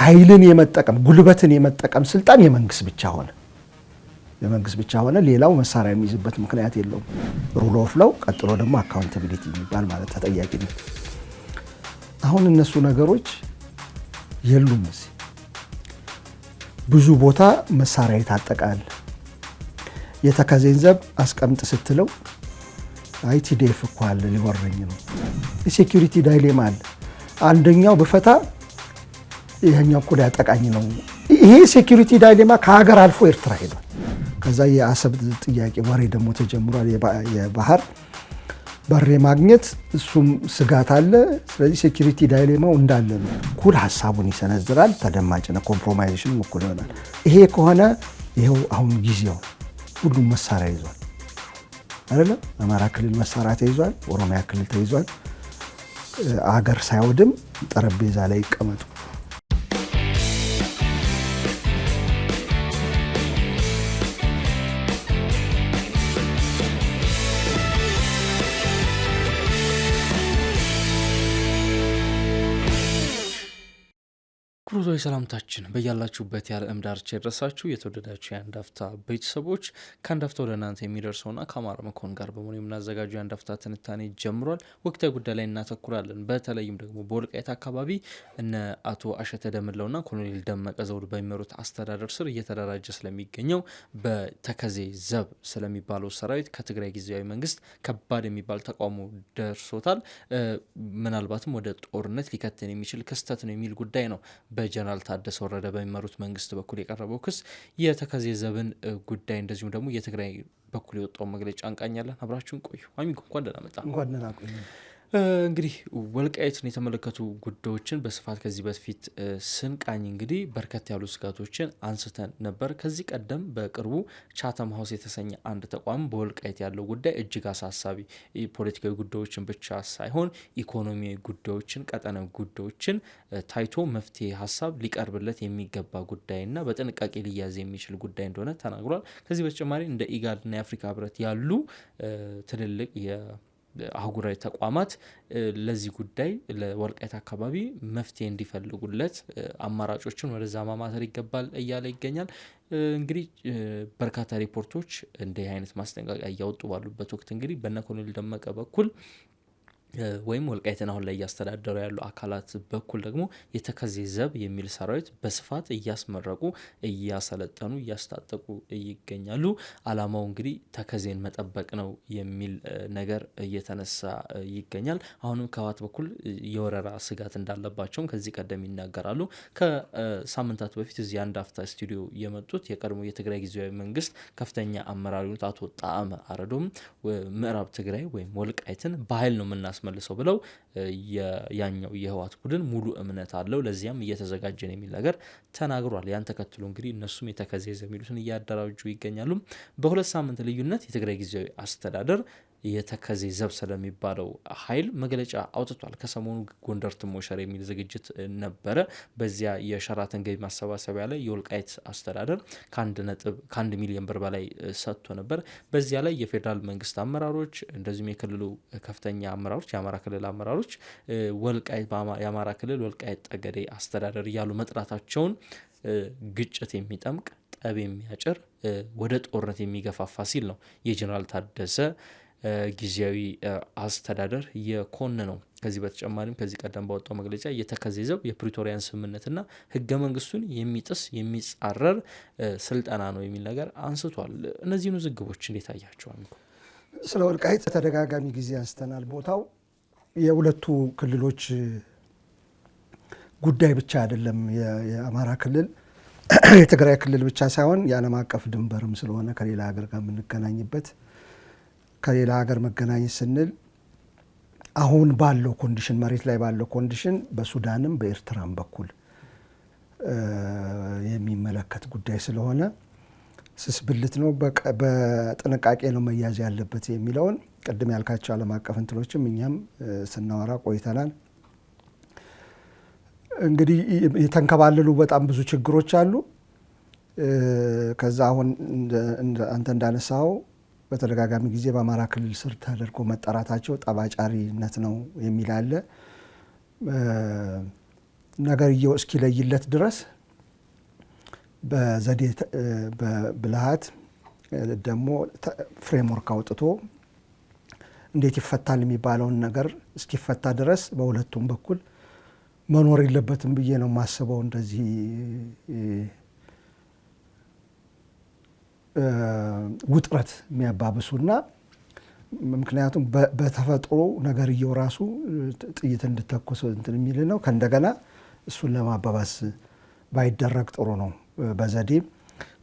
ኃይልን የመጠቀም ጉልበትን የመጠቀም ስልጣን የመንግስት ብቻ ሆነ የመንግስት ብቻ ሆነ። ሌላው መሳሪያ የሚይዝበት ምክንያት የለውም። ሩል ኦፍ ሎው፣ ቀጥሎ ደግሞ አካውንታቢሊቲ የሚባል ማለት ተጠያቂነት። አሁን እነሱ ነገሮች የሉም። እዚህ ብዙ ቦታ መሳሪያ ይታጠቃል። የተከዜንዘብ አስቀምጥ ስትለው አይቲዴፍ ቲዲኤፍ እኮ አለ ሊወረኝ ነው። የሴኪሪቲ ዳይሌማ አለ። አንደኛው ብፈታ ይሄኛው እኮ ሊያጠቃኝ ነው። ይሄ ሴኪሪቲ ዳይሌማ ከሀገር አልፎ ኤርትራ ሄዷል። ከዛ የአሰብ ጥያቄ ወሬ ደግሞ ተጀምሯል። የባህር በሬ ማግኘት እሱም ስጋት አለ። ስለዚህ ሴኪሪቲ ዳይሌማው እንዳለ ነው። እኩል ሀሳቡን ይሰነዝራል። ተደማጭነት ኮምፕሮማይዜሽንም እኩል ይሆናል። ይሄ ከሆነ ይኸው አሁን ጊዜው ሁሉም መሳሪያ ይዟል አይደለም። አማራ ክልል መሳሪያ ተይዟል። ኦሮሚያ ክልል ተይዟል። አገር ሳይወድም ጠረጴዛ ላይ ይቀመጡ። ክብራዊ ሰላምታችን በያላችሁበት የዓለም ዳርቻ የደረሳችሁ የተወደዳችሁ የአንዳፍታ ቤተሰቦች ከአንዳፍታ ወደ እናንተ የሚደርሰውና ከአማራ መኮን ጋር በመሆኑ የምናዘጋጀው የአንዳፍታ ትንታኔ ጀምሯል። ወቅታዊ ጉዳይ ላይ እናተኩራለን። በተለይም ደግሞ በወልቃይት አካባቢ እነ አቶ አሸተ ደምለውና ኮሎኔል ደመቀ ዘውድ በሚመሩት አስተዳደር ስር እየተደራጀ ስለሚገኘው በተከዜ ዘብ ስለሚባለው ሰራዊት ከትግራይ ጊዜያዊ መንግስት ከባድ የሚባል ተቃውሞ ደርሶታል። ምናልባትም ወደ ጦርነት ሊከተን የሚችል ክስተት ነው የሚል ጉዳይ ነው በጀ ጀነራል ታደሰ ወረደ በሚመሩት መንግስት በኩል የቀረበው ክስ የተከዜ ዘብን ጉዳይ እንደዚሁም ደግሞ የትግራይ በኩል የወጣውን መግለጫ እንቃኛለን። አብራችሁን ቆዩ። አሚጎ እንኳን ደህና መጣ። እንግዲህ ወልቃይትን የተመለከቱ ጉዳዮችን በስፋት ከዚህ በፊት ስንቃኝ እንግዲህ በርከት ያሉ ስጋቶችን አንስተን ነበር። ከዚህ ቀደም በቅርቡ ቻተም ሀውስ የተሰኘ አንድ ተቋም በወልቃይት ያለው ጉዳይ እጅግ አሳሳቢ ፖለቲካዊ ጉዳዮችን ብቻ ሳይሆን ኢኮኖሚያዊ ጉዳዮችን፣ ቀጠናዊ ጉዳዮችን ታይቶ መፍትሄ ሀሳብ ሊቀርብለት የሚገባ ጉዳይና በጥንቃቄ ሊያዝ የሚችል ጉዳይ እንደሆነ ተናግሯል። ከዚህ በተጨማሪ እንደ ኢጋድና የአፍሪካ ህብረት ያሉ ትልልቅ አህጉራዊ ተቋማት ለዚህ ጉዳይ ለወልቃይት አካባቢ መፍትሄ እንዲፈልጉለት አማራጮችን ወደዛ ማማተር ይገባል እያለ ይገኛል። እንግዲህ በርካታ ሪፖርቶች እንደ አይነት ማስጠንቀቂያ እያወጡ ባሉበት ወቅት እንግዲህ በነ ኮሎኔል ደመቀ በኩል ወይም ወልቃይትን አሁን ላይ እያስተዳደሩ ያሉ አካላት በኩል ደግሞ የተከዜ ዘብ የሚል ሰራዊት በስፋት እያስመረቁ እያሰለጠኑ እያስታጠቁ ይገኛሉ። አላማው እንግዲህ ተከዜን መጠበቅ ነው የሚል ነገር እየተነሳ ይገኛል። አሁንም ከህወሓት በኩል የወረራ ስጋት እንዳለባቸውም ከዚህ ቀደም ይናገራሉ። ከሳምንታት በፊት እዚህ አንድ አፍታ ስቱዲዮ የመጡት የቀድሞ የትግራይ ጊዜያዊ መንግስት ከፍተኛ አመራሪ አቶ ጣዕመ አረዶም ምዕራብ ትግራይ ወይም ወልቃይትን በኃይል ነው ምና እናስመልሰው ብለው ያኛው የህወሓት ቡድን ሙሉ እምነት አለው፣ ለዚያም እየተዘጋጀ ነው የሚል ነገር ተናግሯል። ያን ተከትሎ እንግዲህ እነሱም የተከዜዘ የሚሉትን እያደራጁ ይገኛሉ። በሁለት ሳምንት ልዩነት የትግራይ ጊዜያዊ አስተዳደር የተከዜ ዘብ ስለሚባለው ኃይል መግለጫ አውጥቷል። ከሰሞኑ ጎንደር ትሞሸር የሚል ዝግጅት ነበረ። በዚያ የሸራተን ገቢ ማሰባሰቢያ ላይ የወልቃይት አስተዳደር ከአንድ ሚሊዮን ብር በላይ ሰጥቶ ነበር። በዚያ ላይ የፌዴራል መንግስት አመራሮች እንደዚሁም የክልሉ ከፍተኛ አመራሮች፣ የአማራ ክልል አመራሮች ወልቃይት የአማራ ክልል ወልቃይት ጠገዴ አስተዳደር እያሉ መጥራታቸውን ግጭት የሚጠምቅ ጠብ የሚያጭር ወደ ጦርነት የሚገፋፋ ሲል ነው የጀኔራል ታደሰ ጊዜያዊ አስተዳደር ነው። ከዚህ በተጨማሪም ከዚህ ቀደም ባወጣው መግለጫ የተከዘዘው የፕሪቶሪያን ስምምነትና ህገ መንግስቱን የሚጥስ የሚጻረር ስልጠና ነው የሚል ነገር አንስቷል። እነዚህን ውዝግቦች እንዴት አያቸዋል? ስለ ወልቃይት ተደጋጋሚ ጊዜ አንስተናል። ቦታው የሁለቱ ክልሎች ጉዳይ ብቻ አይደለም። የአማራ ክልል የትግራይ ክልል ብቻ ሳይሆን የዓለም አቀፍ ድንበርም ስለሆነ ከሌላ ሀገር ጋር የምንገናኝበት ከሌላ ሀገር መገናኘት ስንል አሁን ባለው ኮንዲሽን መሬት ላይ ባለው ኮንዲሽን በሱዳንም በኤርትራም በኩል የሚመለከት ጉዳይ ስለሆነ ስስ ብልት ነው፣ በጥንቃቄ ነው መያዝ ያለበት የሚለውን ቅድም ያልካቸው ዓለም አቀፍ እንትኖችም እኛም ስናወራ ቆይተናል። እንግዲህ የተንከባለሉ በጣም ብዙ ችግሮች አሉ። ከዛ አሁን አንተ እንዳነሳው በተደጋጋሚ ጊዜ በአማራ ክልል ስር ተደርጎ መጠራታቸው ጠባጫሪነት ነው የሚል አለ። ነገርየው እስኪለይለት ድረስ በዘዴ በብልሃት ደግሞ ፍሬምወርክ አውጥቶ እንዴት ይፈታል የሚባለውን ነገር እስኪፈታ ድረስ በሁለቱም በኩል መኖር የለበትም ብዬ ነው የማስበው። እንደዚህ ውጥረት የሚያባብሱና ምክንያቱም በተፈጥሮ ነገርየው ራሱ ጥይት እንድተኩስ እንትን የሚል ነው። ከእንደገና እሱን ለማባባስ ባይደረግ ጥሩ ነው፣ በዘዴ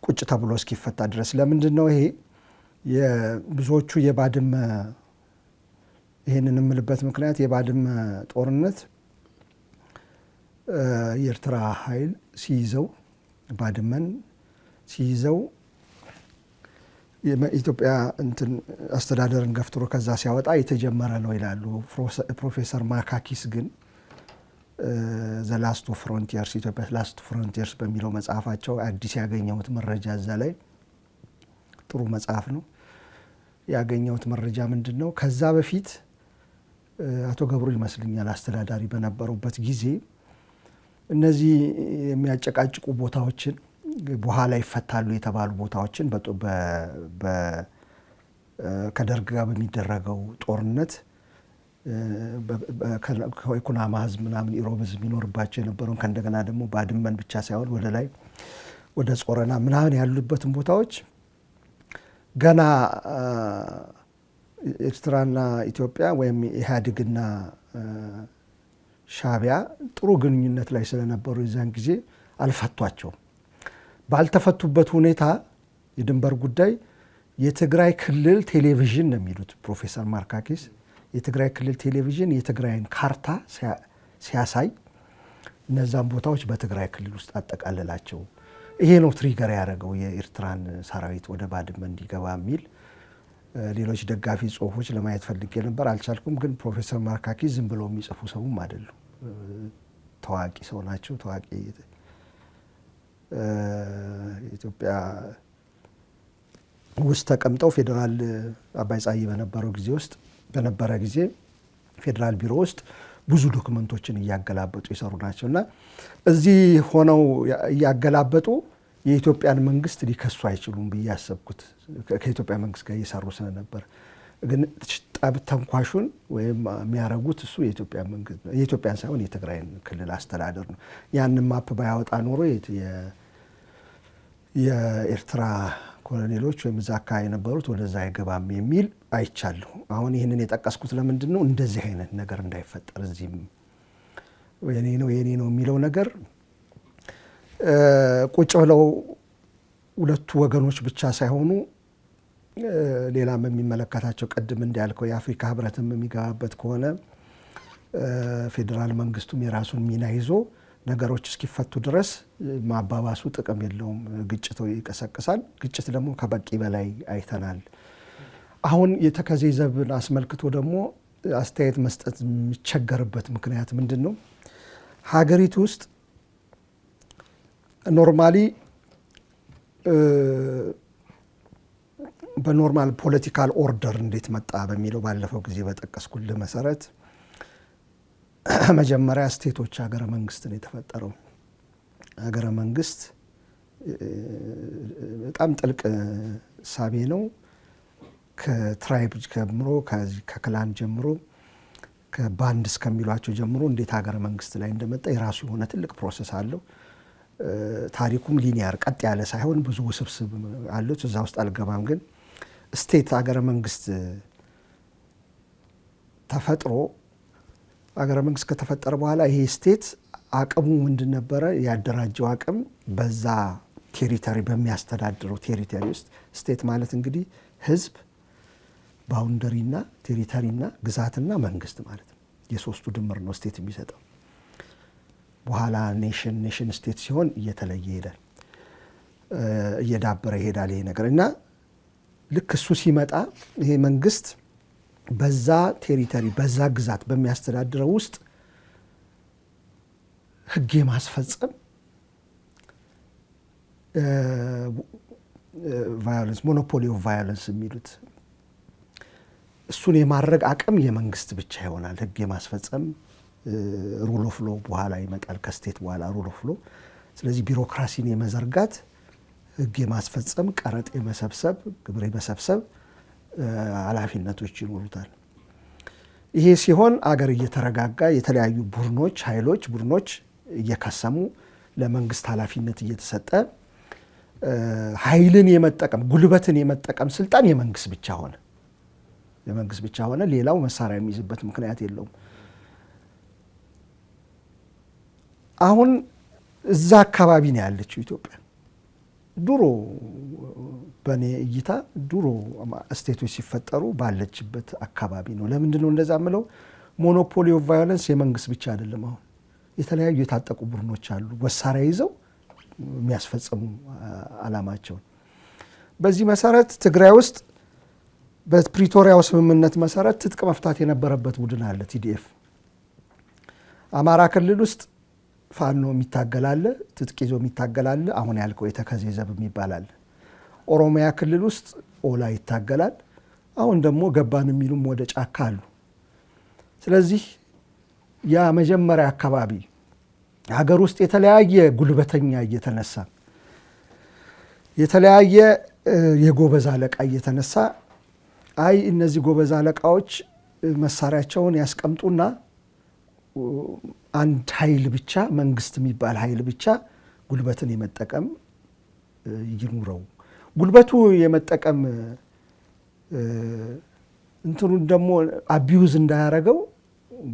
ቁጭ ተብሎ እስኪፈታ ድረስ። ለምንድን ነው ይሄ ብዙዎቹ የባድመ ይህንን የምልበት ምክንያት የባድመ ጦርነት የኤርትራ ኃይል ሲይዘው ባድመን ሲይዘው የኢትዮጵያ እንትን አስተዳደርን ገፍትሮ ከዛ ሲያወጣ የተጀመረ ነው ይላሉ። ፕሮፌሰር ማካኪስ ግን ዘ ላስቱ ፍሮንቲርስ ኢትዮጵያ ላስቱ ፍሮንቲርስ በሚለው መጽሐፋቸው አዲስ ያገኘሁት መረጃ እዛ ላይ ጥሩ መጽሐፍ ነው። ያገኘሁት መረጃ ምንድን ነው? ከዛ በፊት አቶ ገብሩ ይመስልኛል አስተዳዳሪ በነበሩበት ጊዜ እነዚህ የሚያጨቃጭቁ ቦታዎችን በኋላ ይፈታሉ የተባሉ ቦታዎችን ከደርግ ጋር በሚደረገው ጦርነት ኩናማ ህዝብ ምናምን ኢሮብ ህዝብ የሚኖርባቸው የነበረውን ከእንደገና ደግሞ ባድመን ብቻ ሳይሆን ወደ ላይ ወደ ጾረና ምናምን ያሉበትን ቦታዎች ገና ኤርትራና ኢትዮጵያ ወይም ኢህአዴግና ሻቢያ ጥሩ ግንኙነት ላይ ስለነበሩ የዛን ጊዜ አልፈቷቸውም። ባልተፈቱበት ሁኔታ የድንበር ጉዳይ የትግራይ ክልል ቴሌቪዥን ነው የሚሉት ፕሮፌሰር ማርካኪስ። የትግራይ ክልል ቴሌቪዥን የትግራይን ካርታ ሲያሳይ እነዛን ቦታዎች በትግራይ ክልል ውስጥ አጠቃልላቸው። ይሄ ነው ትሪገር ያደረገው የኤርትራን ሰራዊት ወደ ባድመ እንዲገባ የሚል ሌሎች ደጋፊ ጽሁፎች ለማየት ፈልጌ ነበር፣ አልቻልኩም። ግን ፕሮፌሰር ማርካኪስ ዝም ብለው የሚጽፉ ሰውም አይደሉም። ታዋቂ ሰው ናቸው። ታዋቂ ኢትዮጵያ ውስጥ ተቀምጠው ፌዴራል አባይ ፀሐዬ በነበረው ጊዜ ውስጥ በነበረ ጊዜ ፌዴራል ቢሮ ውስጥ ብዙ ዶክመንቶችን እያገላበጡ የሰሩ ናቸው እና እዚህ ሆነው እያገላበጡ የኢትዮጵያን መንግስት ሊከሱ አይችሉም ብዬ ያሰብኩት ከኢትዮጵያ መንግስት ጋር እየሰሩ ስለነበር ግን ጠብ ተንኳሹን ወይም የሚያረጉት እሱ የኢትዮጵያ መንግስት ነው። የኢትዮጵያን ሳይሆን የትግራይን ክልል አስተዳደር ነው። ያንን ማፕ ባያወጣ ኖሮ የኤርትራ ኮሎኔሎች ወይም እዛ አካባቢ የነበሩት ወደዛ አይገባም የሚል አይቻለሁ። አሁን ይህንን የጠቀስኩት ለምንድን ነው? እንደዚህ አይነት ነገር እንዳይፈጠር እዚህም የኔ ነው የኔ ነው የሚለው ነገር ቁጭ ብለው ሁለቱ ወገኖች ብቻ ሳይሆኑ ሌላም የሚመለከታቸው ቅድም እንዳልከው የአፍሪካ ህብረትም የሚገባበት ከሆነ ፌዴራል መንግስቱም የራሱን ሚና ይዞ ነገሮች እስኪፈቱ ድረስ ማባባሱ ጥቅም የለውም። ግጭት ይቀሰቅሳል። ግጭት ደግሞ ከበቂ በላይ አይተናል። አሁን የተከዜ ዘብን አስመልክቶ ደግሞ አስተያየት መስጠት የሚቸገርበት ምክንያት ምንድን ነው? ሀገሪቱ ውስጥ ኖርማሊ በኖርማል ፖለቲካል ኦርደር እንዴት መጣ በሚለው ባለፈው ጊዜ በጠቀስኩልህ መሰረት መጀመሪያ ስቴቶች ሀገረ መንግስት ነው የተፈጠረው። ሀገረ መንግስት በጣም ጥልቅ ሳቤ ነው። ከትራይብ ጀምሮ ከክላን ጀምሮ ከባንድ እስከሚሏቸው ጀምሮ እንዴት ሀገረ መንግስት ላይ እንደመጣ የራሱ የሆነ ትልቅ ፕሮሰስ አለው። ታሪኩም ሊኒያር ቀጥ ያለ ሳይሆን ብዙ ውስብስብ አሉት። እዛ ውስጥ አልገባም ግን ስቴት አገረ መንግስት ተፈጥሮ አገረ መንግስት ከተፈጠረ በኋላ ይሄ ስቴት አቅሙ ምንድን ነበረ? ያደራጀው አቅም በዛ ቴሪተሪ በሚያስተዳድረው ቴሪተሪ ውስጥ ስቴት ማለት እንግዲህ ህዝብ፣ ባውንደሪና ቴሪተሪና ግዛትና መንግስት ማለት ነው። የሶስቱ ድምር ነው ስቴት የሚሰጠው። በኋላ ኔሽን ኔሽን ስቴት ሲሆን እየተለየ ይሄዳል፣ እየዳበረ ይሄዳል ይሄ ነገር እና ልክ እሱ ሲመጣ ይሄ መንግስት በዛ ቴሪተሪ በዛ ግዛት በሚያስተዳድረው ውስጥ ህግ የማስፈጸም ቫዮለንስ ሞኖፖሊ ኦፍ ቫዮለንስ የሚሉት እሱን የማድረግ አቅም የመንግስት ብቻ ይሆናል። ህግ የማስፈጸም ሩል ኦፍ ሎ በኋላ ይመጣል፣ ከስቴት በኋላ ሩል ኦፍ ሎ። ስለዚህ ቢሮክራሲን የመዘርጋት ህግ የማስፈጸም ቀረጥ የመሰብሰብ ግብር የመሰብሰብ ኃላፊነቶች ይኖሩታል። ይሄ ሲሆን አገር እየተረጋጋ የተለያዩ ቡድኖች ኃይሎች ቡድኖች እየከሰሙ ለመንግስት ኃላፊነት እየተሰጠ ኃይልን የመጠቀም ጉልበትን የመጠቀም ስልጣን የመንግስት ብቻ ሆነ የመንግስት ብቻ ሆነ። ሌላው መሳሪያ የሚይዝበት ምክንያት የለውም። አሁን እዛ አካባቢ ነው ያለችው ኢትዮጵያ። ድሮ በእኔ እይታ ድሮ ስቴቶች ሲፈጠሩ ባለችበት አካባቢ ነው። ለምንድን ነው እንደዛ ምለው? ሞኖፖሊ ኦፍ ቫዮለንስ የመንግስት ብቻ አይደለም። አሁን የተለያዩ የታጠቁ ቡድኖች አሉ፣ መሳሪያ ይዘው የሚያስፈጽሙ አላማቸውን። በዚህ መሰረት ትግራይ ውስጥ በፕሪቶሪያው ስምምነት መሰረት ትጥቅ መፍታት የነበረበት ቡድን አለ ቲዲኤፍ። አማራ ክልል ውስጥ ፋኖ የሚታገላለ ትጥቅ ይዞ የሚታገላለ አሁን ያልከው የተከዜ ዘብ ይባላል። ኦሮሚያ ክልል ውስጥ ኦላ ይታገላል። አሁን ደግሞ ገባን የሚሉም ወደ ጫካ አሉ። ስለዚህ ያ መጀመሪያ አካባቢ ሀገር ውስጥ የተለያየ ጉልበተኛ እየተነሳ የተለያየ የጎበዝ አለቃ እየተነሳ አይ እነዚህ ጎበዝ አለቃዎች መሳሪያቸውን ያስቀምጡና አንድ ኃይል ብቻ መንግስት የሚባል ኃይል ብቻ ጉልበትን የመጠቀም ይኑረው። ጉልበቱ የመጠቀም እንትኑን ደግሞ አቢውዝ እንዳያረገው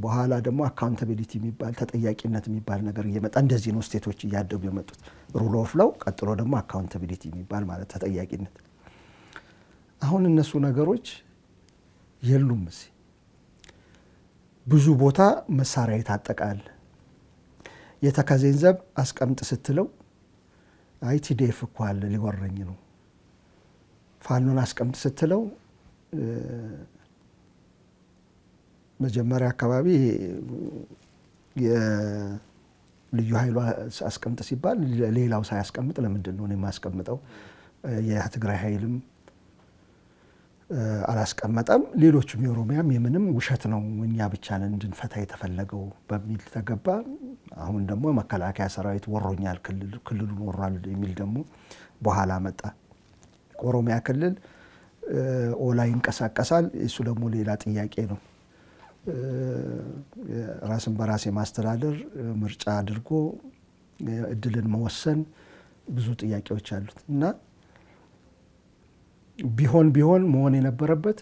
በኋላ ደግሞ አካውንታቢሊቲ የሚባል ተጠያቂነት የሚባል ነገር እየመጣ እንደዚህ ነው ስቴቶች እያደጉ የመጡት። ሩል ኦፍ ሎው፣ ቀጥሎ ደግሞ አካውንታቢሊቲ የሚባል ማለት ተጠያቂነት። አሁን እነሱ ነገሮች የሉም እዚህ ብዙ ቦታ መሳሪያ ይታጠቃል። የተከዜን ዘብ አስቀምጥ ስትለው አይ ቲዲኤፍ እኮ አለ ሊወረኝ ነው። ፋኖን አስቀምጥ ስትለው መጀመሪያ አካባቢ ልዩ ኃይሉ አስቀምጥ ሲባል ሌላው ሳያስቀምጥ ለምንድን ነው የማስቀምጠው? የትግራይ ኃይልም አላስቀመጠም። ሌሎችም የኦሮሚያም የምንም ውሸት ነው እኛ ብቻ ነን እንድንፈታ የተፈለገው በሚል ተገባ። አሁን ደግሞ መከላከያ ሰራዊት ወሮኛል፣ ክልሉን ወሯል የሚል ደግሞ በኋላ መጣ። ኦሮሚያ ክልል ኦላ ይንቀሳቀሳል። እሱ ደግሞ ሌላ ጥያቄ ነው። ራስን በራስ የማስተዳደር ምርጫ አድርጎ እድልን መወሰን ብዙ ጥያቄዎች አሉት እና ቢሆን ቢሆን መሆን የነበረበት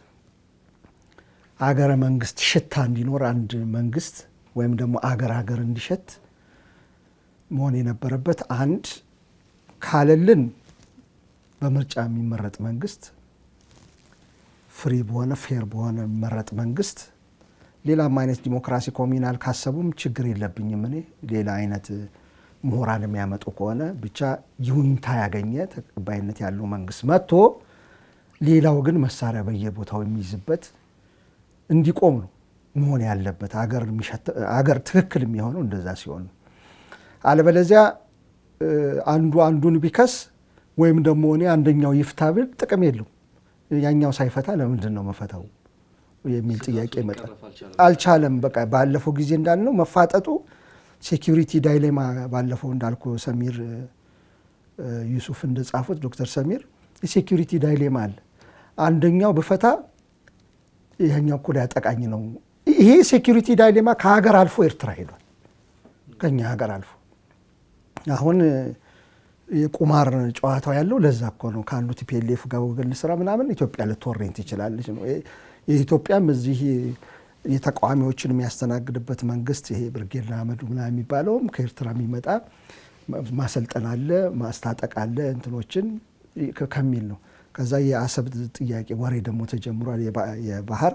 አገረ መንግስት ሽታ እንዲኖር አንድ መንግስት ወይም ደግሞ አገር ሀገር እንዲሸት መሆን የነበረበት አንድ ካለልን በምርጫ የሚመረጥ መንግስት ፍሪ በሆነ ፌር በሆነ የሚመረጥ መንግስት ሌላም አይነት ዲሞክራሲ ኮሚናል ካሰቡም ችግር የለብኝም። እኔ ሌላ አይነት ምሁራን የሚያመጡ ከሆነ ብቻ ይሁኝታ ያገኘ ተቀባይነት ያለው መንግስት መጥቶ ሌላው ግን መሳሪያ በየቦታው የሚይዝበት እንዲቆም ነው መሆን ያለበት። አገር ትክክል የሚሆነው እንደዛ ሲሆን ነው። አለበለዚያ አንዱ አንዱን ቢከስ ወይም ደግሞ እኔ አንደኛው ይፍታ ብል ጥቅም የለው ያኛው ሳይፈታ ለምንድን ነው መፈታው የሚል ጥያቄ ይመጣል። አልቻለም። በቃ ባለፈው ጊዜ እንዳልነው መፋጠጡ ሴኪሪቲ ዳይሌማ ባለፈው እንዳልኩ ሰሚር ዩሱፍ እንደጻፉት ዶክተር ሰሚር የሴኪሪቲ ዳይሌማ አለ። አንደኛው ብፈታ ይህኛው እኮ ያጠቃኝ ነው። ይሄ ሴኪሪቲ ዳይሌማ ከሀገር አልፎ ኤርትራ ሄዷል። ከኛ ሀገር አልፎ አሁን የቁማር ጨዋታው ያለው ለዛ እኮ ነው። ካሉት ፒኤልኤፍ ጋር ወገን ስራ ምናምን ኢትዮጵያ ልትወሬን ትችላለች ነው። የኢትዮጵያም እዚህ የተቃዋሚዎችን የሚያስተናግድበት መንግስት ይሄ ብርጌድ ንሓመዱ ምናምን የሚባለውም ከኤርትራ የሚመጣ ማሰልጠን አለ ማስታጠቅ አለ እንትኖችን ከሚል ነው ከዛ የአሰብ ጥያቄ ወሬ ደግሞ ተጀምሯል። የባህር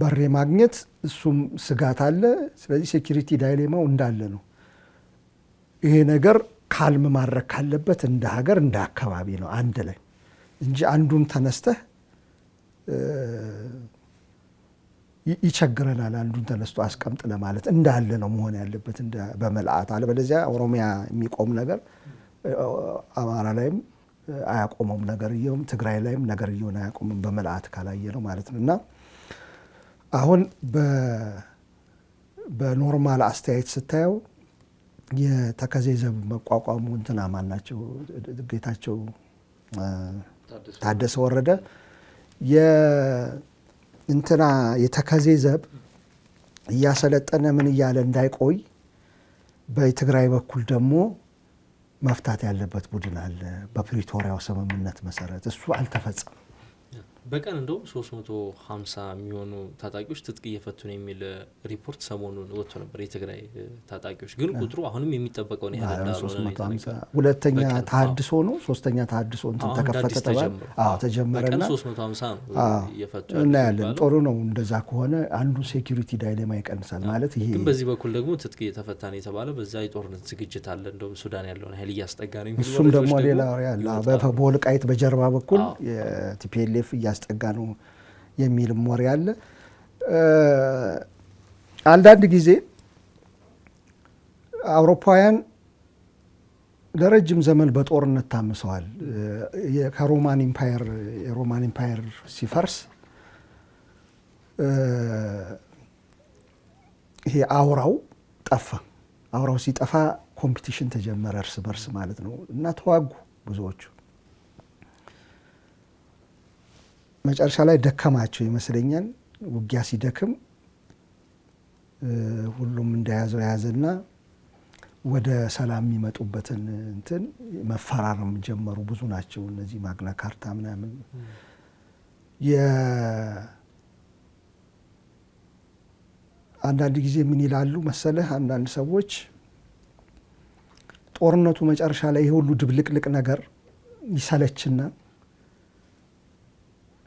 በር ማግኘት እሱም ስጋት አለ። ስለዚህ ሴኪሪቲ ዳይሌማው እንዳለ ነው። ይሄ ነገር ካልም ማድረግ ካለበት እንደ ሀገር እንደ አካባቢ ነው አንድ ላይ እንጂ አንዱን ተነስተህ ይቸግረናል አንዱን ተነስቶ አስቀምጥ ለማለት እንዳለ ነው መሆን ያለበት በመልአት አለ። በለዚያ ኦሮሚያ የሚቆም ነገር አማራ ላይም አያቆመውም ነገርየውም። ትግራይ ላይም ነገርየውን አያቆምም በመልአት ካላየ ነው ማለት ነው። እና አሁን በኖርማል አስተያየት ስታየው የተከዜ ዘብ መቋቋሙ እንትና ማን ናቸው ጌታቸው ታደሰ ወረደ እንትና የተከዜ ዘብ እያሰለጠነ ምን እያለ እንዳይቆይ በትግራይ በኩል ደግሞ መፍታት ያለበት ቡድን አለ። በፕሪቶሪያው ስምምነት መሰረት እሱ አልተፈጸመም። በቀን እንደውም 350 የሚሆኑ ታጣቂዎች ትጥቅ እየፈቱ ነው የሚል ሪፖርት ሰሞኑን ወጥቶ ነበር። የትግራይ ታጣቂዎች ግን ቁጥሩ አሁንም የሚጠበቀው ነው ያለ ሁለተኛ ተሀድሶ ነው ሶስተኛ ተሀድሶ እንትን ተከፈተ ተባለ እየፈቱ እናያለን። ጥሩ ነው። እንደዛ ከሆነ አንዱ ሴኪሪቲ ዳይሌማ ይቀንሳል ማለት ይሄ። ግን በዚህ በኩል ደግሞ ትጥቅ እየተፈታ ነው የተባለ በዛ የጦርነት ዝግጅት አለ። እንደውም ሱዳን ያለውን ሀይል እያስጠጋ ነው። እሱም ደግሞ ሌላ ያለ በወልቃይት በጀርባ በኩል ቲፒኤልኤፍ እያ እያስጠጋ ነው የሚልም ወሬ አለ። አንዳንድ ጊዜ አውሮፓውያን ለረጅም ዘመን በጦርነት ታምሰዋል። ከሮማን ኢምፓየር የሮማን ኢምፓየር ሲፈርስ ይሄ አውራው ጠፋ። አውራው ሲጠፋ ኮምፒቲሽን ተጀመረ እርስ በርስ ማለት ነው እና ተዋጉ ብዙዎቹ መጨረሻ ላይ ደከማቸው ይመስለኛል። ውጊያ ሲደክም ሁሉም እንደያዘው የያዘና ወደ ሰላም የሚመጡበትን እንትን መፈራረም ጀመሩ። ብዙ ናቸው እነዚህ ማግና ካርታ ምናምን አንዳንድ ጊዜ ምን ይላሉ መሰለህ፣ አንዳንድ ሰዎች ጦርነቱ መጨረሻ ላይ የሁሉ ሁሉ ድብልቅልቅ ነገር ይሰለችና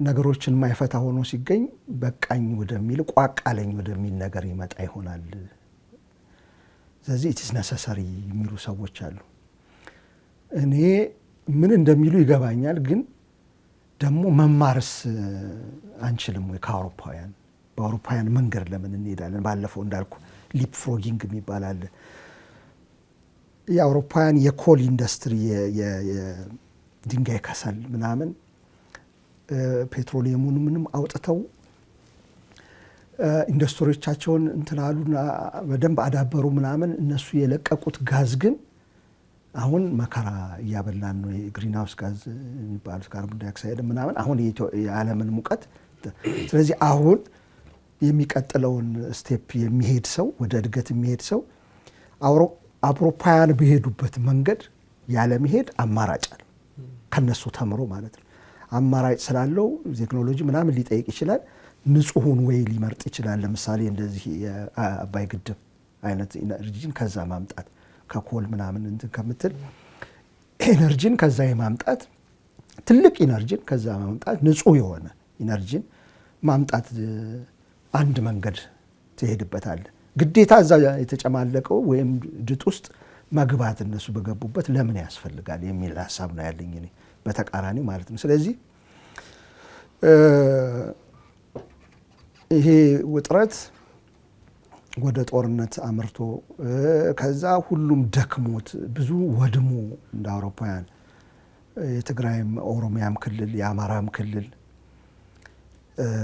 ነገሮችን ማይፈታ ሆኖ ሲገኝ በቃኝ ወደሚል ቋቃለኝ ወደሚል ነገር ይመጣ ይሆናል። ስለዚህ ኢትስ ነሰሰሪ የሚሉ ሰዎች አሉ። እኔ ምን እንደሚሉ ይገባኛል። ግን ደግሞ መማርስ አንችልም ወይ ከአውሮፓውያን? በአውሮፓውያን መንገድ ለምን እንሄዳለን? ባለፈው እንዳልኩ ሊፕ ፍሮጊንግ የሚባል አለ። የአውሮፓውያን የኮል ኢንዱስትሪ የድንጋይ ከሰል ምናምን ፔትሮሊየሙን ምንም አውጥተው ኢንዱስትሪዎቻቸውን እንትናሉና በደንብ አዳበሩ ምናምን። እነሱ የለቀቁት ጋዝ ግን አሁን መከራ እያበላን ነው። የግሪንሃውስ ጋዝ የሚባሉት ካርቦን ዳይኦክሳይድ ምናምን አሁን የዓለምን ሙቀት። ስለዚህ አሁን የሚቀጥለውን ስቴፕ የሚሄድ ሰው ወደ እድገት የሚሄድ ሰው አውሮፓውያን በሄዱበት መንገድ ያለመሄድ አማራጭ አለ ከነሱ ተምሮ ማለት ነው። አማራጭ ስላለው ቴክኖሎጂ ምናምን ሊጠይቅ ይችላል። ንጹሁን ወይ ሊመርጥ ይችላል። ለምሳሌ እንደዚህ የአባይ ግድብ አይነት ኤነርጂን ከዛ ማምጣት ከኮል ምናምን እንትን ከምትል ኤነርጂን ከዛ የማምጣት ትልቅ ኢነርጂን ከዛ ማምጣት ንጹህ የሆነ ኢነርጂን ማምጣት አንድ መንገድ ትሄድበታል። ግዴታ እዛ የተጨማለቀው ወይም ድጥ ውስጥ መግባት እነሱ በገቡበት ለምን ያስፈልጋል የሚል ሀሳብ ነው ያለኝ እኔ። በተቃራኒው ማለት ነው። ስለዚህ ይሄ ውጥረት ወደ ጦርነት አምርቶ ከዛ ሁሉም ደክሞት ብዙ ወድሞ እንደ አውሮፓውያን የትግራይም ኦሮሚያም ክልል የአማራም ክልል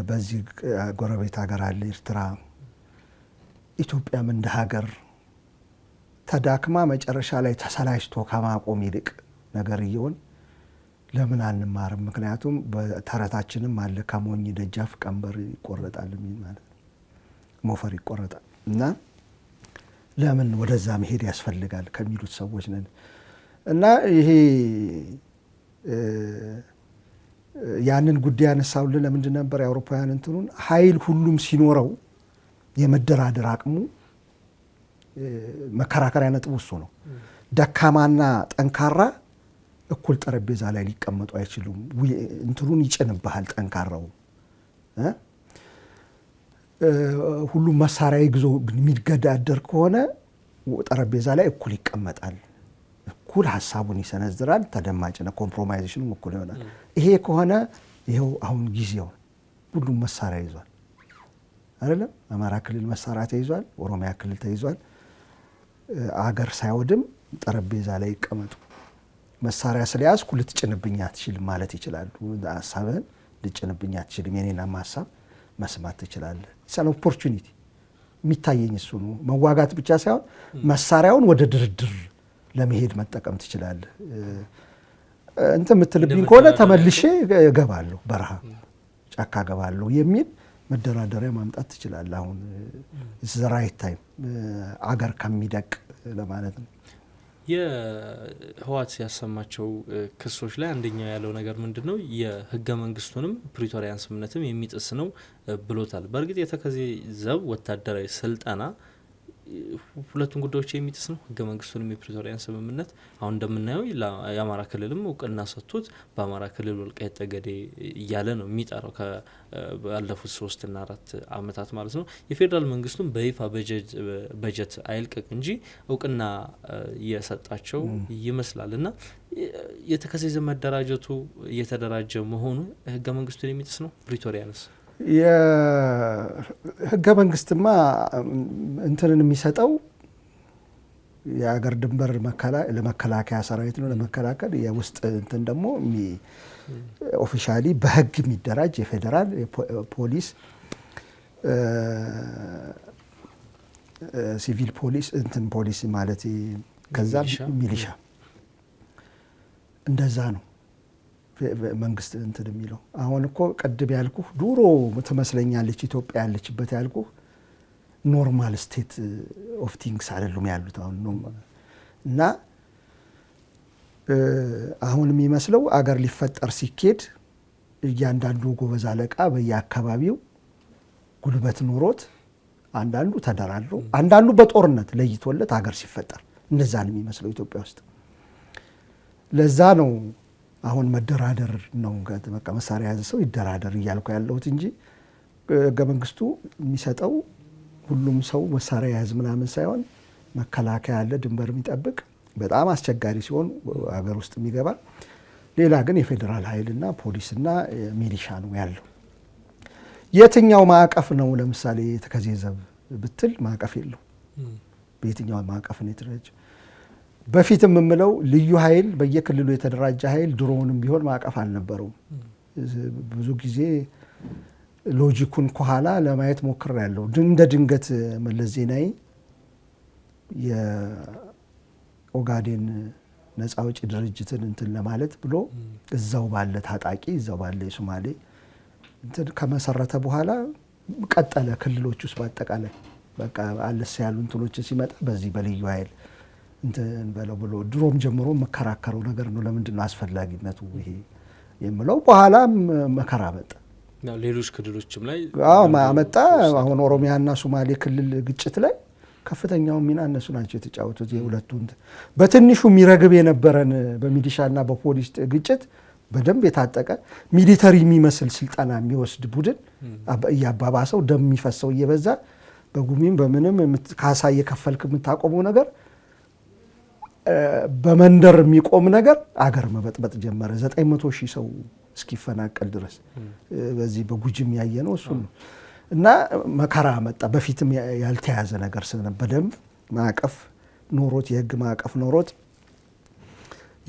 በዚህ ጎረቤት ሀገር አለ ኤርትራ፣ ኢትዮጵያም እንደ ሀገር ተዳክማ መጨረሻ ላይ ተሰላችቶ ከማቆም ይልቅ እየሆን ለምን አንማርም? ምክንያቱም በተረታችንም አለ ከሞኝ ደጃፍ ቀንበር ይቆረጣል የሚል ማለት ነው። ሞፈር ይቆረጣል እና ለምን ወደዛ መሄድ ያስፈልጋል ከሚሉት ሰዎች ነን እና ይሄ ያንን ጉዳይ ያነሳውልን ለምንድን ነበር የአውሮፓውያን እንትኑን ኃይል ሁሉም ሲኖረው የመደራደር አቅሙ መከራከሪያ ነጥብ እሱ ነው። ደካማና ጠንካራ እኩል ጠረጴዛ ላይ ሊቀመጡ አይችሉም። እንትኑን ይጭንብሃል ጠንካራው ሁሉም መሳሪያ ይግዞ የሚገዳደር ከሆነ ጠረጴዛ ላይ እኩል ይቀመጣል፣ እኩል ሀሳቡን ይሰነዝራል። ተደማጭነ ኮምፕሮማይዜሽኑም እኩል ይሆናል። ይሄ ከሆነ ይኸው አሁን ጊዜው ሁሉም መሳሪያ ይዟል አይደለም። አማራ ክልል መሳሪያ ተይዟል፣ ኦሮሚያ ክልል ተይዟል። አገር ሳይወድም ጠረጴዛ ላይ ይቀመጡ መሳሪያ ስለያዝኩ ልትጭንብኝ አትችልም ማለት ይችላሉ። ሀሳብህን ልጭንብኝ አትችልም፣ የኔናም ሀሳብ መስማት ትችላለህ። ሳን ኦፖርቹኒቲ የሚታየኝ እሱ ነው። መዋጋት ብቻ ሳይሆን መሳሪያውን ወደ ድርድር ለመሄድ መጠቀም ትችላለህ። እንት የምትልብኝ ከሆነ ተመልሼ እገባለሁ፣ በረሃ ጫካ እገባለሁ የሚል መደራደሪያ ማምጣት ትችላለህ። አሁን ራይት ታይም አገር ከሚደቅ ለማለት ነው። የህወሓት ያሰማቸው ክሶች ላይ አንደኛው ያለው ነገር ምንድን ነው? የህገ መንግስቱንም ፕሪቶሪያን ስምምነትም የሚጥስ ነው ብሎታል። በእርግጥ የተከዜ ዘብ ወታደራዊ ስልጠና ሁለቱን ጉዳዮች የሚጥስ ነው። ህገ መንግስቱንም የፕሪቶሪያን ስምምነት አሁን እንደምናየው የአማራ ክልልም እውቅና ሰጥቶት በአማራ ክልል ወልቃይት ጠገዴ እያለ ነው የሚጠራው ባለፉት ሶስትና አራት አመታት ማለት ነው። የፌዴራል መንግስቱም በይፋ በጀት አይልቀቅ እንጂ እውቅና እየሰጣቸው ይመስላል እና የተከሴዘ መደራጀቱ እየተደራጀ መሆኑ ህገ መንግስቱን የሚጥስ ነው። ፕሪቶሪያንስ የህገ መንግስትማ እንትንን የሚሰጠው የሀገር ድንበር ለመከላከያ ሰራዊት ነው ለመከላከል። የውስጥ እንትን ደግሞ ኦፊሻሊ በህግ የሚደራጅ የፌዴራል ፖሊስ፣ ሲቪል ፖሊስ እንትን ፖሊስ ማለት ከዛ ሚሊሻ እንደዛ ነው። መንግስት እንትን የሚለው አሁን እኮ ቅድም ያልኩ ዱሮ ትመስለኛለች ኢትዮጵያ ያለችበት ያልኩ ኖርማል ስቴት ኦፍ ቲንግስ አይደሉም ያሉት አሁን እና አሁን የሚመስለው አገር ሊፈጠር ሲኬድ እያንዳንዱ ጎበዝ አለቃ በየአካባቢው ጉልበት ኖሮት አንዳንዱ ተደራድሮ አንዳንዱ በጦርነት ለይቶለት አገር ሲፈጠር እነዛን የሚመስለው ኢትዮጵያ ውስጥ ለዛ ነው አሁን መደራደር ነው በቃ መሳሪያ የያዘ ሰው ይደራደር እያልኩ ያለሁት እንጂ ህገ መንግስቱ የሚሰጠው ሁሉም ሰው መሳሪያ የያዝ ምናምን ሳይሆን መከላከያ አለ፣ ድንበር የሚጠብቅ በጣም አስቸጋሪ ሲሆን ሀገር ውስጥ የሚገባ ሌላ ግን የፌዴራል ኃይልና ፖሊስና ሚሊሻ ነው ያለው። የትኛው ማዕቀፍ ነው ለምሳሌ ተከዜ ዘብ ብትል ማዕቀፍ የለው። በየትኛው ማዕቀፍ ነው የተደራጀው? በፊት የምምለው ልዩ ኃይል በየክልሉ የተደራጀ ኃይል ድሮውንም ቢሆን ማዕቀፍ አልነበረውም። ብዙ ጊዜ ሎጂኩን ከኋላ ለማየት ሞክር ያለው እንደ ድንገት መለስ ዜናዊ የኦጋዴን ነፃ አውጪ ድርጅትን እንትን ለማለት ብሎ እዛው ባለ ታጣቂ እዛው ባለ የሶማሌ እንትን ከመሰረተ በኋላ ቀጠለ። ክልሎች ውስጥ በአጠቃላይ በቃ አለስ ያሉ እንትኖችን ሲመጣ በዚህ በልዩ ኃይል እንትን በለው ብሎ ድሮም ጀምሮ መከራከረው ነገር ነው። ለምንድን ነው አስፈላጊነቱ ይሄ የምለው? በኋላም መከራ መጣ፣ ሌሎች ክልሎችም ላይ መጣ። አሁን ኦሮሚያና ሶማሌ ክልል ግጭት ላይ ከፍተኛው ሚና እነሱ ናቸው የተጫወቱት። የሁለቱ በትንሹ የሚረግብ የነበረን በሚሊሻና በፖሊስ ግጭት በደንብ የታጠቀ ሚሊተሪ የሚመስል ስልጠና የሚወስድ ቡድን እያባባሰው ደም የሚፈሰው እየበዛ በጉሚም በምንም ካሳ እየከፈልክ የምታቆመው ነገር በመንደር የሚቆም ነገር አገር መበጥበጥ ጀመረ። ዘጠኝ መቶ ሺህ ሰው እስኪፈናቀል ድረስ በዚህ በጉጅም ያየ ነው እሱ ነው። እና መከራ መጣ። በፊትም ያልተያዘ ነገር ስለነበረ በደንብ ማዕቀፍ ኖሮት የህግ ማዕቀፍ ኖሮት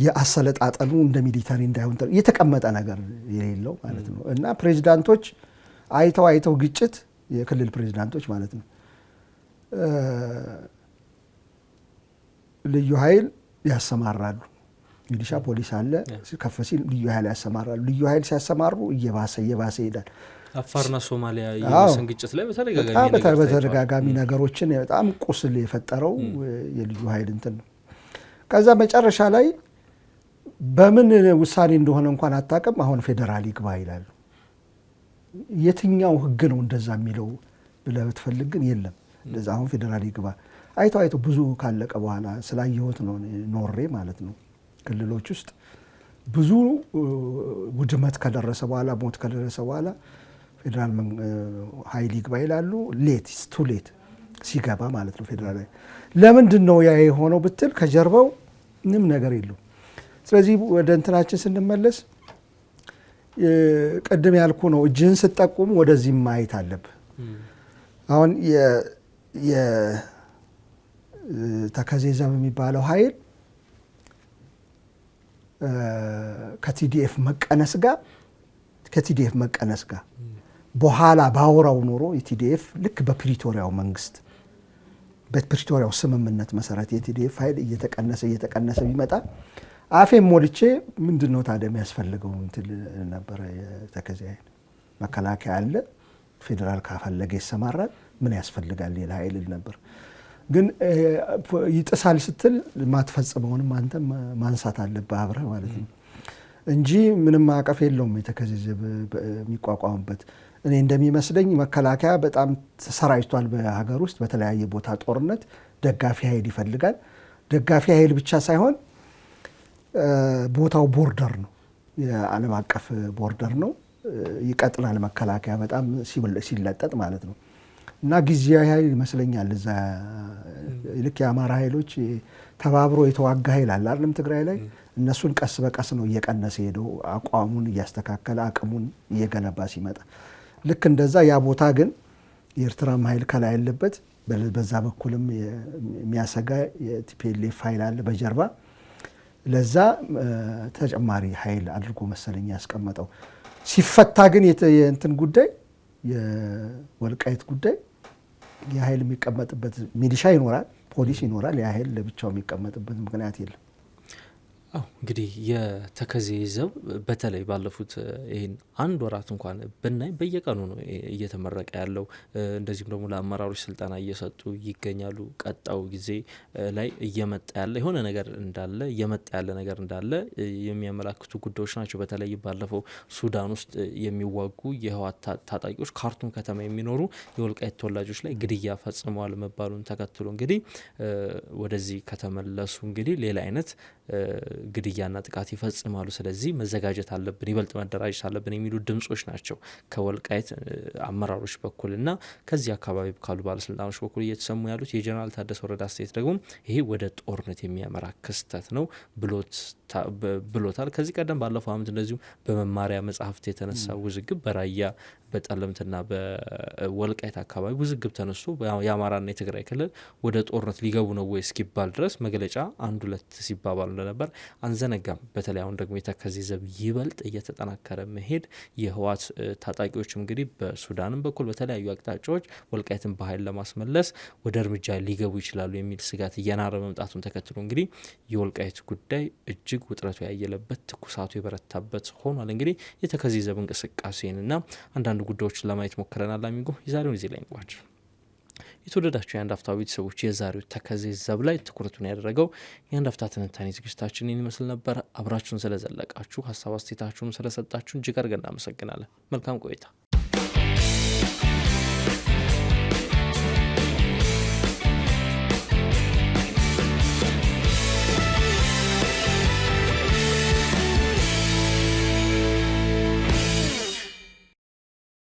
የአሰለጣጠኑ እንደ ሚሊተሪ እንዳይሆን የተቀመጠ ነገር የሌለው ማለት ነው። እና ፕሬዚዳንቶች አይተው አይተው ግጭት የክልል ፕሬዚዳንቶች ማለት ነው ልዩ ኃይል ያሰማራሉ። ሚሊሻ ፖሊስ አለ። ከፍ ሲል ልዩ ኃይል ያሰማራሉ። ልዩ ኃይል ሲያሰማሩ እየባሰ እየባሰ ይሄዳል። አፋርና ሶማሊያ የወሰን ግጭት ላይ በተደጋጋሚ ነገሮችን በጣም ቁስል የፈጠረው የልዩ ኃይል እንትን ነው። ከዛ መጨረሻ ላይ በምን ውሳኔ እንደሆነ እንኳን አታውቅም። አሁን ፌዴራል ይግባ ይላሉ። የትኛው ህግ ነው እንደዛ የሚለው ብለህ ብትፈልግ ግን የለም እንደዛ አሁን ፌዴራል ይግባ አይቶ አይቶ ብዙ ካለቀ በኋላ ስላየሁት ነው ኖሬ ማለት ነው። ክልሎች ውስጥ ብዙ ውድመት ከደረሰ በኋላ ሞት ከደረሰ በኋላ ፌዴራል ኃይል ይግባ ይላሉ። ሌት ስቱ ሌት ሲገባ ማለት ነው ፌዴራል ኃይል። ለምንድን ነው ያ የሆነው ብትል ከጀርባው ምንም ነገር የለው። ስለዚህ ወደ እንትናችን ስንመለስ ቅድም ያልኩ ነው፣ እጅህን ስትጠቁም ወደዚህ ማየት አለብህ። አሁን ተከዜዛ የሚባለው ኃይል ከቲዲኤፍ መቀነስ ጋር ከቲዲኤፍ መቀነስ ጋር በኋላ ባወራው ኖሮ የቲዲኤፍ ልክ በፕሪቶሪያው መንግስት በፕሪቶሪያው ስምምነት መሰረት የቲዲኤፍ ኃይል እየተቀነሰ እየተቀነሰ ቢመጣ አፌ ሞልቼ ምንድን ነው ታዲያ የሚያስፈልገው እንትን ነበረ። የተከዜ ኃይል መከላከያ አለ፣ ፌዴራል ካፈለገ ይሰማራል፣ ምን ያስፈልጋል ሌላ ኃይል ነበር። ግን ይጥሳል ስትል ማትፈጽመውንም አንተ ማንሳት አለብህ አብረህ ማለት ነው እንጂ ምንም ማዕቀፍ የለውም የተከዜ ዘብ የሚቋቋምበት። እኔ እንደሚመስለኝ መከላከያ በጣም ተሰራጭቷል። በሀገር ውስጥ በተለያየ ቦታ ጦርነት ደጋፊ ኃይል ይፈልጋል። ደጋፊ ኃይል ብቻ ሳይሆን ቦታው ቦርደር ነው፣ የዓለም አቀፍ ቦርደር ነው። ይቀጥላል መከላከያ በጣም ሲለጠጥ ማለት ነው። እና ጊዜያዊ ኃይል ይመስለኛል እዛ ልክ የአማራ ኃይሎች ተባብሮ የተዋጋ ኃይል አለ አይደለም ትግራይ ላይ እነሱን ቀስ በቀስ ነው እየቀነሰ ሄደው አቋሙን እያስተካከለ አቅሙን እየገነባ ሲመጣ ልክ እንደዛ ያ ቦታ ግን የኤርትራም ኃይል ከላይ ያለበት በዛ በኩልም የሚያሰጋ የቲፒኤልኤፍ ኃይል አለ በጀርባ ለዛ ተጨማሪ ኃይል አድርጎ መሰለኝ ያስቀመጠው ሲፈታ ግን የእንትን ጉዳይ የወልቃይት ጉዳይ የኃይል የሚቀመጥበት ሚሊሻ ይኖራል፣ ፖሊስ ይኖራል። የኃይል ለብቻው የሚቀመጥበት ምክንያት የለም። አዎ እንግዲህ የተከዜ ዘብ በተለይ ባለፉት ይህን አንድ ወራት እንኳን ብናይ በየቀኑ ነው እየተመረቀ ያለው። እንደዚሁም ደግሞ ለአመራሮች ስልጠና እየሰጡ ይገኛሉ። ቀጣው ጊዜ ላይ እየመጣ ያለ የሆነ ነገር እንዳለ እየመጣ ያለ ነገር እንዳለ የሚያመላክቱ ጉዳዮች ናቸው። በተለይ ባለፈው ሱዳን ውስጥ የሚዋጉ የህወሓት ታጣቂዎች ካርቱም ከተማ የሚኖሩ የወልቃይት ተወላጆች ላይ ግድያ ፈጽመዋል መባሉን ተከትሎ እንግዲህ ወደዚህ ከተመለሱ እንግዲህ ሌላ አይነት ግድያና ጥቃት ይፈጽማሉ። ስለዚህ መዘጋጀት አለብን፣ ይበልጥ መደራጀት አለብን የሚሉ ድምጾች ናቸው ከወልቃይት አመራሮች በኩል እና ከዚህ አካባቢ ካሉ ባለስልጣኖች በኩል እየተሰሙ ያሉት። የጀነራል ታደሰ ወረዳ አስተያየት ደግሞ ይሄ ወደ ጦርነት የሚያመራ ክስተት ነው ብሎታል። ከዚህ ቀደም ባለፈው ዓመት እንደዚሁም በመማሪያ መጽሐፍት የተነሳ ውዝግብ በራያ በጠለምትና በወልቃይት አካባቢ ውዝግብ ተነስቶ የአማራና የትግራይ ክልል ወደ ጦርነት ሊገቡ ነው ወይ እስኪባል ድረስ መግለጫ አንድ ሁለት ሲባባል እንደነበር አንዘነጋም። በተለይ አሁን ደግሞ የተከዜ ዘብ ይበልጥ እየተጠናከረ መሄድ የህወሓት ታጣቂዎች እንግዲህ በሱዳንም በኩል በተለያዩ አቅጣጫዎች ወልቃይትን በኃይል ለማስመለስ ወደ እርምጃ ሊገቡ ይችላሉ የሚል ስጋት እየናረ መምጣቱን ተከትሎ እንግዲህ የወልቃይት ጉዳይ እጅግ ውጥረቱ ያየለበት ትኩሳቱ የበረታበት ሆኗል። እንግዲህ የተከዜ ዘብ እንቅስቃሴንና አንዳንድ ጉዳዮችን ለማየት ሞክረናል። አሚጎ የዛሬውን እዚህ ላይ እንቋጭ። የተወደዳቸው የአንድ አፍታ ቤተሰቦች የዛሬው ተከዜ ዘብ ላይ ትኩረቱን ያደረገው የአንድ አፍታ ትንታኔ ዝግጅታችን ይመስል ነበር። አብራችሁን ስለዘለቃችሁ ሀሳብ አስቴታችሁን ስለሰጣችሁን እጅግ አድርገን እናመሰግናለን። መልካም ቆይታ